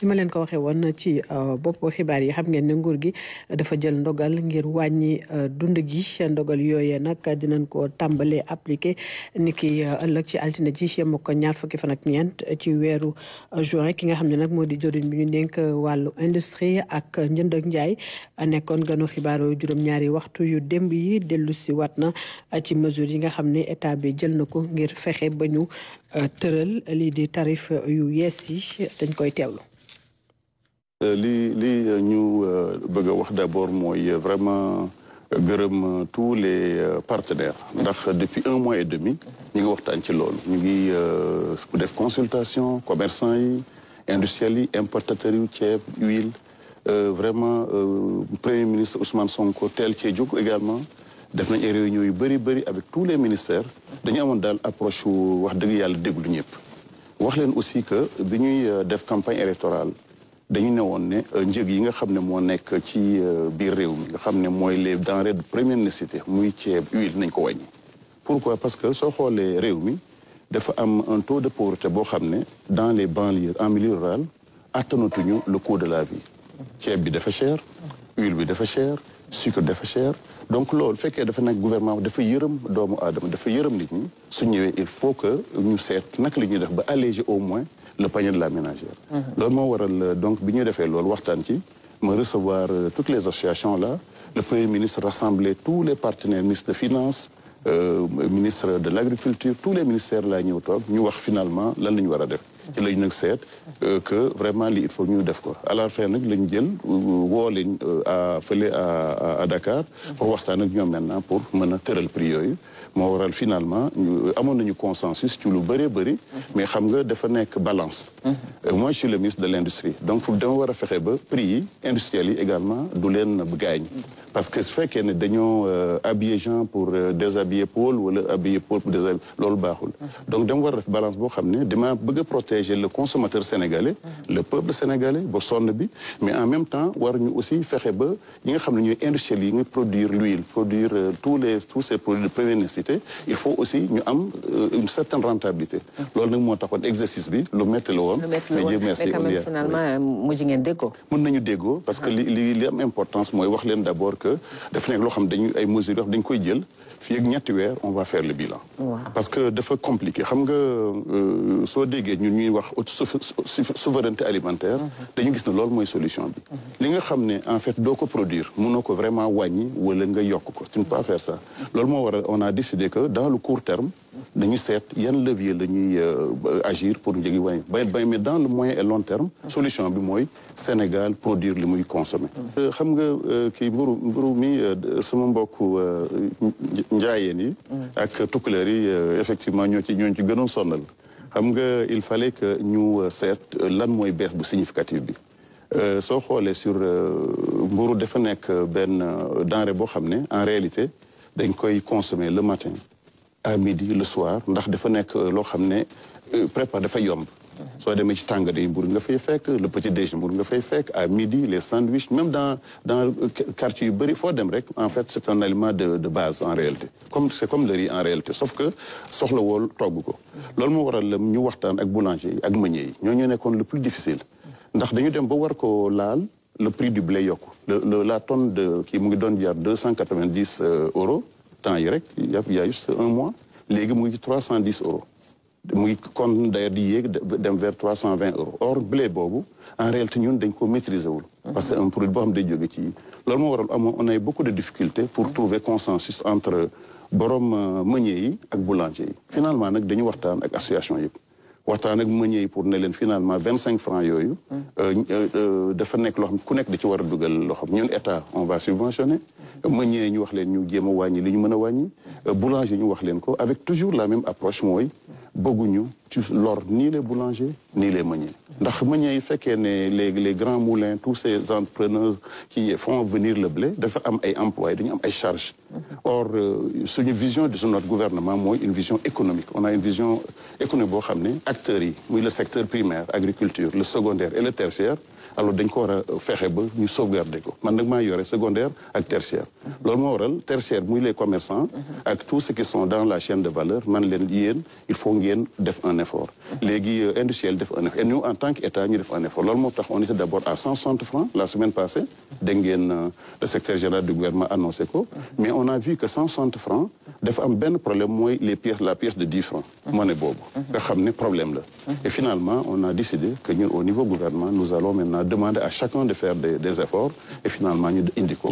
li ma leen ko waxee woon ci euh, bopp xibaar yi xam ngeen ne nguur gi dafa jël ndogal ngir wàññi euh, dund gi ndogal yooyee nag dinañ ko tàmbalee appliqué ni ki euh, ëllëg ci altine ci yem ko ñaar fukki fan ak ñeent ci weeru juin ki nga xam ne nag moo di joriñ bi ñu dénk wàllu industrie ak njënd ak njaay nekkoon ganu xibaaru juróom-ñaari waxtu yu démb yi dellu si wat na ci mesure yi nga xam ne état bi jël na ko ngir fexe ba ñu tëral lii di tarif yu yees yi koy teewlu Euh, li li euh, ñu euh, bëgg a wax d'abord mooy vraiment gërëm tous les partenaires ndax depuis un mois et demi ñu ngi waxtaan ci loolu ñu ngi def consultation commerçant yi industriels yi importateurs yu ceeb huile vraiment premier ministre Ousmane Sonko teel cee jóg également def nañ ay réunions yu bëri bëri avec tous les ministères dañu amoon daal approche wax dëgg yàlla déglu ñëpp wax leen aussi que bi ñuy def campagne électorale dañu ne woon ne euh, njëg yi nga xam ne moo nekk ci euh, biir réew mi nga xam ne mooy les denrées de première nécessité muy ceeb huile nañ ko wàññi. pourquoi parce que soo xoolee réew mi dafa am un taux de pauvreté boo xam ne dans les banlieues en milieu rural attanatuñu le coût de la vie. ceeb bi dafa cher. huile bi dafa cher. sucre dafa cher. donc loolu fekkee dafa nag gouvernement dafa yërëm doomu aadama dafa yërëm nit ñi su ñëwee il faut que ñu seet naka la ñuy def ba alléger au moins. le panier de la ménagère. Mhm. loolu moo waral euh, donc bi ñuy defee loolu waxtaan ci ma recevoir euh, toutes les associations la la premier ministre rassemblé tous les partenaires ministre de finance euh, ministre de l' agriculture tous les ministères laa ñëw toog ñu wax finalement lan la ñu war a def. ci lañu nag seet que vraiment lii il faut ñu def ko à la fin nag la ñu jël woo leen à fële à Dakar. pour waxtaan ak ñoom maintenant pour mën a tëral prix yooyu. moo waral finalement ñu euh, amoon nañu consensus ci lu bëree bëri mais xam nga dafa nekk balance euh, moi je suis le ministre de l' industrie donc dama war a fexe ba prix yi industriels yi également du leen gaañ parce que su fekkee ne dañoo habiller Jean pour euh, déshabiller Paul wala habiller Paul pour déshabiller loolu baaxul donc dama war a def balance boo xam ne dama bëgg a protéger le consommateur sénégalais le peuple sénégalais ba sonn bi mais en même temps war ñu aussi fexe ba ñi nga xam ne ñooy industriels yi nga produire l'huile produire euh, tous les tous ces produits de première nécessité il faut aussi ñu am euh, une certaine rentabilité loolu nag moo taxoon exercice bi lu métti la woon mais Dieu merci mais mën nañu déggoo parce que ah. li li importance mooy wax leen d'abord que dafa nekk loo xam dañu ay mesures yoo dañu koy jël fii ak ñetti weer on va faire le bilan. parce que dafa compliqué xam nga euh, soo déggee ñun ñuy wax souveraineté alimentaire. Mhm. dañu gis ne loolu mooy solution bi. Mhm. li nga xam ne en fait doo ko produire mënoo ko vraiment wàññi wala nga yokk ko tu ne peux pas faire ça. Mhm. loolu moo war on a décidé que dans le court terme. nañu seet yan levier la ñuy euh, agir pour njëg yi wàññi bay bay mais dans le moyen et long terme solution bi mooy Sénégal produire li muy consommer euh, xam nga euh, kii mburu mburu mi sama mbokku njaayeen yi mm. ak tukkuleer yi effectivement ñoo ci ñooñu ci gënoon sonnal xam nga il fallait que ñu seet lan mooy baisse bu significative bi soo xoolee sur mburu dafa nekk benn denrée boo xam ne en réalité dañ koy consommer le matin à midi le soir ndax dafa nekk euh, loo xam ne euh, prépare dafa yomb soo demee ci tànga yi mburu nga fay fekk le petit déj mburu nga fay fekk à midi les sandwichs même dans dans euh, quartier yu bari foo dem rek en fait c'est un aliment de de base en réalité comme c'est comme le riz en réalité sauf que soxla wool togg ko lool moo waral ñu waxtaan ak boulanger ak meunier yi ñoo ñu nekkoon le plus difficile ndax dañu dem ba war ko laal le prix du blé yokku la tonne de kii mu ngi doon jar deux cent quatre-vingt-dix temps yi rek y a juste un mois léegi mu ngi trois cent dix euros mu ngi kon d'ailleurs di yéeg dem vers trois cent vingt euros or blé boobu en réalité ñun dañ ko maîtriser wul mhm. parce que un produit boo xam day jóge ci loolu moo waral amoon on a beaucoup de difficultés pour mhm. trouver consensus entre borom euh, meunier yi ak boulanger yi finalement nag dañu waxtaan ak association yëpp waxtaan ak meunier yi pour ne leen finalement vingt cinq francs yooyu euh, euh, euh, dafa nekk loo ku nekk da ci war a dugal loo xam ñun état on va subventionner meunier yi ñu wax leen ñu jéem a wàññi li ñu mën a wàññi boulanger ñu wax leen ko avec toujours la même approche mooy bëgguñu ci lor ni les boulangers ni les meuniers ndax meuniers yi fekkee ne les les grands moulins tous ces entrepreneurs qui font venir le blé dafa am ay employés dañu am ay charges or euh, suñu vision de notre gouvernement mooy une vision économique on a une vision économique boo xam ne acteurs yi muy le secteur primaire agriculture le secondaire et le tertiaire alors dañ ko war fexe ba ñu sauvegarder ko man nag yore secondaire ak tertiaire loolu moo waral muy les commerçants ak tous ceux qui sont dans la chaîne de valeur man leen yéen il faut ngeen def un effort léegi euh, industriel def un effort et nous en tant que état ñu def un effort loolu moo tax on était d' à francs la semaine passée dégg euh, le secrétaire général du gouvernement annoncé ko mais on a vu que francs dafa am benn problème mooy la pièce demande à chacun de faire des, des efforts et finalement ñu indi ko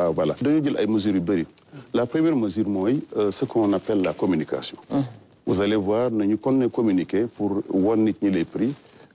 à voilà dañu jël ay mesures yu bëri la première mesure mooy euh, ce qu'on appelle la communication mm. vous allez voir nañu kon ne communiquer pour won nit ñi les prix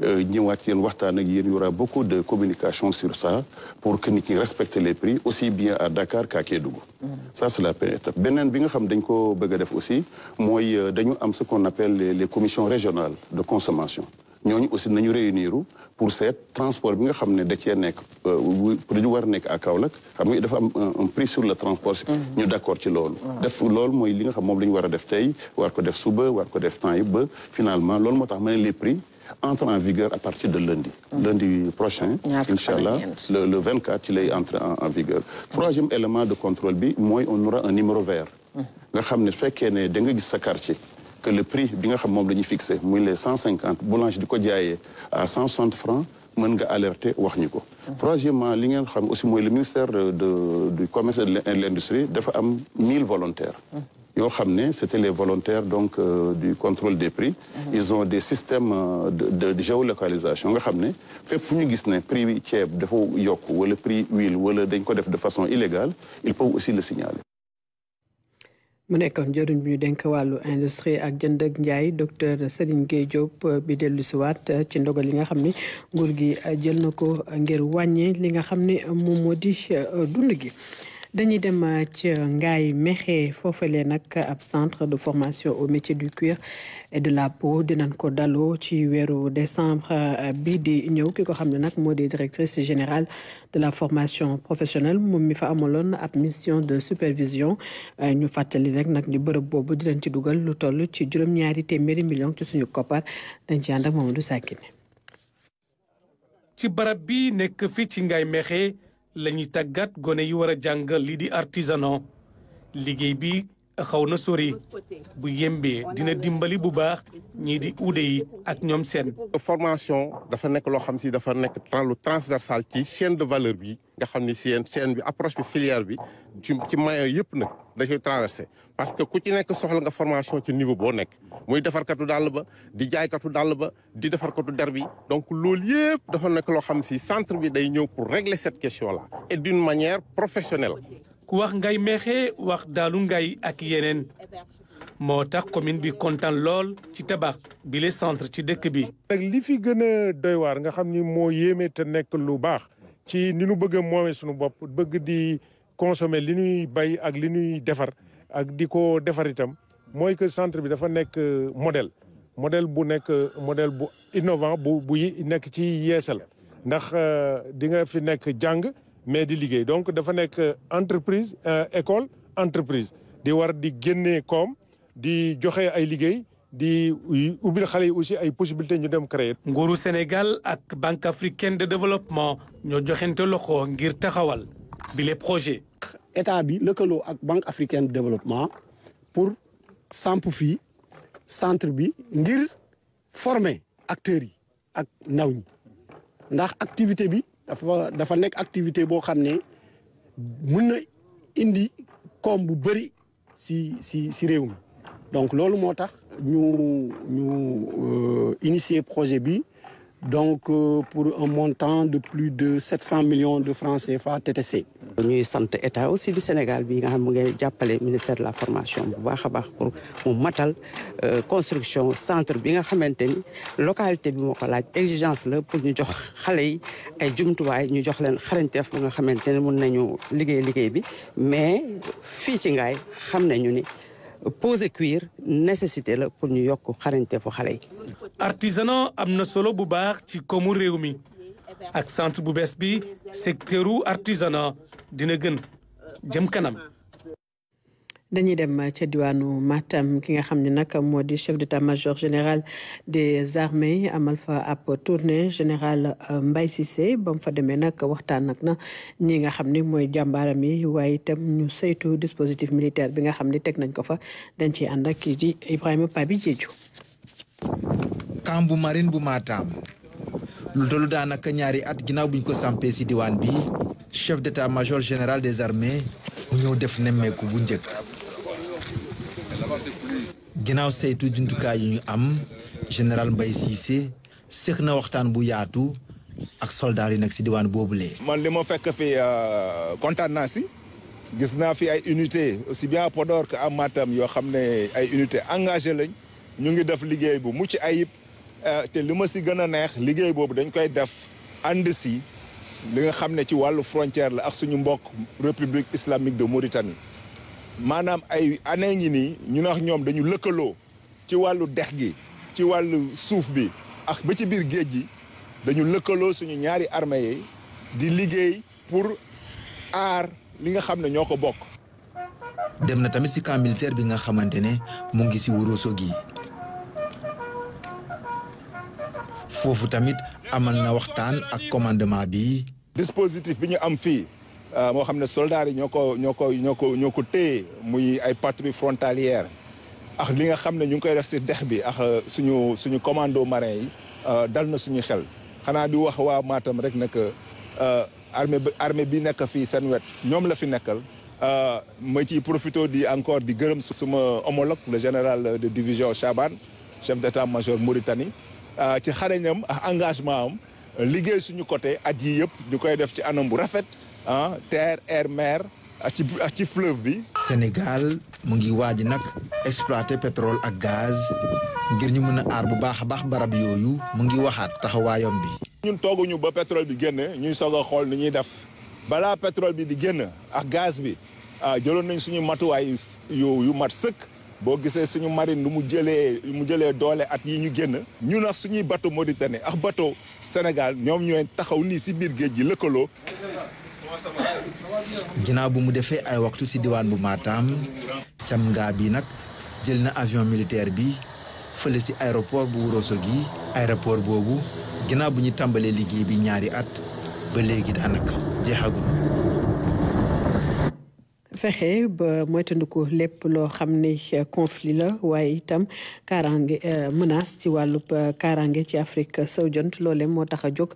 euh, ñëwaat yéen waxtaan ak yéen y aura beaucoup de communication sur ça pour que nit ñi respecte les prix aussi bien à Dakar qu'à Kédougou mm. ça la première étape beneen bi nga xam dañ ko bëgg def aussi mooy euh, dañu am ce qu'on appelle les commissions régionales de consommation ñooñu aussi nañu réunir pour seet transport bi nga xam ne da cee nekk euh, dañu war nekk à Kaolack xam nga dafa am un prix sur le transport. Mm-hmm. ñu d' ci loolu. def loolu mooy li nga xam moom la ñu war a def tey war ko def suba war ko def temps yi ba finalement loolu moo tax ma ne les prix. entre en vigueur à partir de lundi. Mm-hmm. Lundi prochain, Inch'Allah, le, le 24, il est entré en, en vigueur. Mm-hmm. Troisième élément de contrôle, moi, on aura un numéro vert. Nous savons que nous avons un quartier. que le prix bi nga xam moom la ñu fixé muy le cent cinquante boulange di ko jaayee à cent soixante francs mën nga alerter wax ñu ko. troisièmement li ngeen xam aussi mooy le ministère de du commerce et de l'industrie dafa am mille volontaires. yoo xam ne c'était les volontaires donc euh, du contrôle des prix. ils ont des systèmes euh, de de géolocalisation nga xam ne fépp fu ñu gis ne prix ceeb dafa yokk wala prix huile wala dañ ko def de façon illégale il peuvent aussi le signaler. mu nekkoon jëriñ bi ñu dénk wàllu industrie ak jënd ak njaay docteur Serigne Gueye Diop euh, bi dellu waat euh, ci ndogal yi nga xam ni nguur gi euh, jël na ko ngir wàññi li nga xam ni moom moo di dund gi. dañuy dem euh, ci euh, Ngaye Mékhé foofale nag ab centre de formation au métier du cuir et de la peau dinañ ko daloo ci weeru décembre euh, bii di ñëw ki ko xam ne nag moo di directrice générale de la formation professionnelle moom mi fa amaloon ab mission de supervision ñu fàttali rek nag ni bërëb boobu dinañ ci dugal lu toll ci juróom-ñaari téeméeri million ci suñu koppar dañ ci ànd ak Mamadou Sakine. ci barab bi nekk fii ci Ngaye Mékhé la ñuy tàggat gone yi war a jàngal lii di artisanat liggéey bi xaw na sori bu yembee dina dimbali bu baax ñii di uude yi ak ñoom seen. formation dafa nekk loo xam si dafa nekk lu transversal ci chaine de valeur bi nga xam ni seen chaîne bi approche bi filière bi ci ci maillon yëpp nag da koy traversé. parce que ku ci nekk soxla nga formation ci niveau boo nekk muy defarkatu dàll ba di jaaykatu dàll ba di defarkatu der bi donc loolu yëpp dafa nekk loo xam si centre bi day ñëw pour régler cette question la et d'une manière professionnelle. ku wax ngay meexe wax daalu ngay ak yeneen moo tax commune bi kontaan lool ci tabax bi le centre ci dëkk bi. li fi gën a doy nga xam ni moo yéeme te nekk lu baax ci ni nu bëgg a moomee suñu bopp bëgg di consommer li ñuy bay ak li ñuy defar ak di ko defar itam mooy que centre bi dafa nekk modèle. modèle bu nekk modèle bu innovant bu bu nekk ci yeesal ndax euh, di nga fi nekk jàng. mais di liggéey donc dafa nekk euh, entreprise euh, école entreprise di war di génnee koom di joxe ay liggéey di ubbil xale yi aussi ay possibilités ñu dem créer. nguuru Sénégal ak banque africaine de développement ñoo joxente loxo ngir taxawal bile projet. état bi lëkkaloo ak banque africaine de développement pour samp fii centre bi ngir former acteurs yi ak naw ñi ndax activité bi. dafa dafa nekk activité boo xam ne mun na indi koom bu bëri si si si réew mi donc loolu moo tax ñu ñu euh, initier projet bi donc euh, pour un montant de plus de 700 millions de francs CFA TTC. ñuy sant état aussi du Sénégal bi nga xam mu ngi jàppale ministère de la formation bu baax a baax pour mu matal euh, construction centre bi nga xamante ni localité bi moo ko laaj exigence la pour ñu jox xale yi ay jumtuwaay ñu jox leen xarañteef bu nga xamante ne mun nañu liggéey liggéey bi mais fii ci ngaay xam ñu ni. poser cuir nécessité la pour ñu yokk xarañte fu xale yi. artisanat am na solo bu baax ci koomu réew mi ak centre bu bees bi secteuru artisanat dina gën jëm kanam. dañuy dem ca diwaanu Matam ki nga xam ne nag moo di chef d'état-major général des armées amal fa ab tournée général euh, Mbaye Cissé ba fa demee nag waxtaan ak na ñi nga xam ni mooy jàmbaaram yi waaye itam ñu saytu dispositif militaire bi nga xam ni teg nañ ko fa dañ ciy ànd ak kii di Ibrahima Pabi Diédhiou. camp bu marine bu Matam lu daanaka ñaari at ginnaaw buñ ko sampe si diwaan bi chef d'état-major général des armées ñoo ñëw def nemmeeku bu njëkk. ginnaaw saytu jumtukaay yi ñu am général Mbaye Cissé sëkk na waxtaan bu yaatu ak soldaar yi nag si diwaan boobu boobulee man li ma fekk fi euh, kontaan naa si gis naa fi ay unité aussi bien à Podor que à yoo xam ne ay unité engagé lañ ñu ngi def liggéey bu mucc ayib euh, te li ma si gën a neex liggéey boobu dañ koy def ànd si li nga xam ne ci wàllu frontière la ak suñu mbokk république islamique de Mauritanie maanaam ay année ngi nii ñun wax ñoom dañu lëkkaloo ci wàllu dex gi ci wàllu suuf bi ak ba ci biir géej gi dañu lëkkaloo suñu ñaari armée di liggéey pour aar li nga xam ne ñoo ko bokk. dem na tamit ci camp militaire bi nga xamante ne mu ngi ci Wuroso gi foofu tamit amal na waxtaan ak commandement bi. dispositif bi ñu am fii. Euh, moo xam ne soldaar yi ñoo ko ñoo ko ñoo ko ñoo ko téye muy ay patrouille frontalière ak li nga xam ne ñu ngi koy def si dex bi ak euh, suñu suñu commando marin yi euh, dal na suñu xel xanaa di wax waa maatam rek ne que armée armée bi nekk fii seen wet ñoom la fi nekkal ma ciy profité di encore di gërëm suma homologue le général de division Chaban chef d'état-major Mauritanie ci xarañam ak engagement am liggéey suñu côté at yi yëpp ñu koy def ci anam bu rafet ah terre air mer ak ah, ci ak ah, fleuve bi. Sénégal mu ngi waaj nag exploité pétrole ak gaz ngir ñu mën a aar bu baax a baax barab yooyu mu ngi waxaat taxawaayam bi. ñun tooguñu ba pétrole bi génn ñuy soog xool ni ñuy def balaa pétrole bi di génn ak gaz bi ah jëloon nañ suñu matuwaay yu yu mat sëkk boo gisee suñu marine lu mu jëlee lu mu jëlee doole at yi ñu génn. ñun ax suñuy bateau Mauritanie ak bateau Sénégal ñoom ñooy taxaw nii si biir géej gi lëkkaloo. ginaaw bu mu defee ay waxtu ci diwaan bu Matam Sam Nga bi nag jël na avion militaire bi fële ci aéroport bu Ourossogui aéroport boobu ginnaaw bu ñu tàmbalee liggéey bi ñaari at ba léegi daanaka jeexagul. fexe ba moytandiku lépp loo xam ni conflit la waaye itam kaaraange euh, menace ci wàllub euh, kaaraange ci Afrique sowu jant loole moo tax a jóg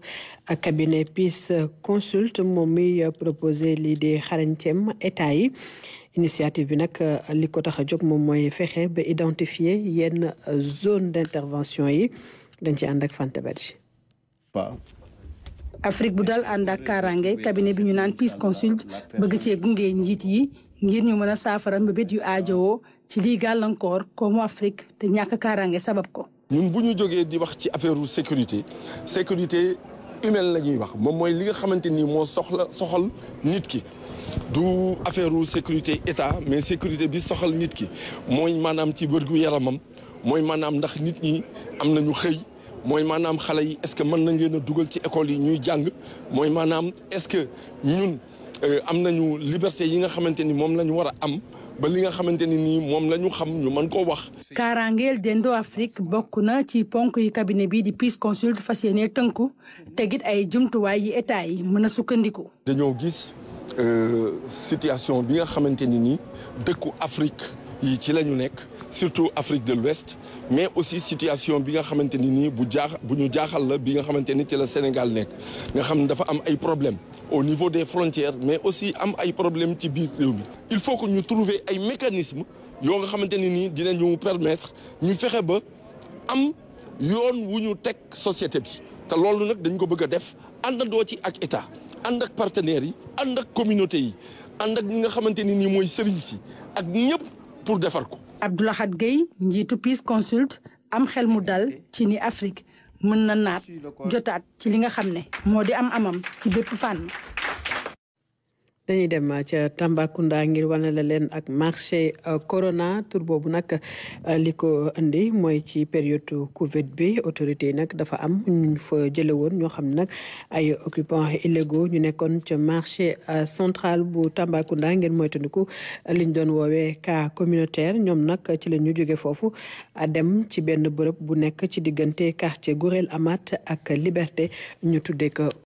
cabinet Peace Consult moom mi proposé lii di xarañteem état yi initiative bi nag euh, li ko tax a jóg moom mooy fexe ba identifier yenn zone d'intervention yi dañ ci ànd ak Fanta yi Afrique bu dal ànd ak kaaraange cabinet bi ñu naan Peace Consult bëgg cee gunge njiit yi ngir ñu mën a saafara mbébét yu aajowoo ci lii gàllankoor koomu Afrique te ñàkk kaaraange sabab ko. ñun bu ñu jógee di wax ci affaire sécurité sécurité humaine la ñuy wax moom mooy li nga xamante nii moo soxla soxal nit ki. du affaire sécurité état mais sécurité bi soxal nit ki mooy maanaam ci wérgu yaramam mooy maanaam ndax nit ñi am nañu xëy. mooy maanaam xale yi est-ce que mën nañ leen a dugal ci école yi ñuy jàng mooy maanaam est-ce que ñun euh, am nañu liberté yi nga xamante ni moom la ñu war a am ba li nga xamante ni nii moom la ñu xam ñu mën koo wax. kaaraangeel dendo Afrique bokk na ci ponk yi cabinet bii di Peace Consult fas yéene tënku tegit ay jumtuwaay yi état yi mën a sukkandiku. dañoo gis euh, situation bi nga xamante ni nii dëkku Afrique yi ci la ñu nekk. surtout Afrique de l'Ouest mais aussi situation bi nga xamante ni nii bu jaax bu ñu jaaxal la bi nga xamante ni ci la Sénégal nekk nga xam ne dafa am ay problèmes au niveau des frontières mais aussi am ay problèmes ci biir réew mi il faut que ñu trouver ay mécanismes yoo nga xamante ni nii dinañu permettre ñu fexe ba am yoon wu ñu teg société bi te loolu nag dañ ko bëgg a def àndandoo ci ak état ànd partenaires yi and ak communauté yi ànd ak nga xamante ni nii mooy sëriñ si ak ñëpp pour defar ko Abdou Lahad Gueye njiitu Peace Consult am xel mu dal ci ni Afrique mën na naat jotaat ci li nga xam ne moo di am amam ci bépp fànn. dañuy dem ca Tambacounda ngir wane la leen ak marché euh, corona tur boobu nag euh, li ko indi mooy ci période Covid bi autorité yi nag dafa am ñu fa jële woon ñoo xam ne nag ay occupants illégaux ñu nekkoon ca marché euh, centrale bu Tambacounda ngir moytandiku liñ doon woowee cas communautaire ñoom nag ci la ñu jóge foofu dem ci benn bërëb bu nekk ci diggante quartier Gorel Amat ak Liberté ñu tuddee ko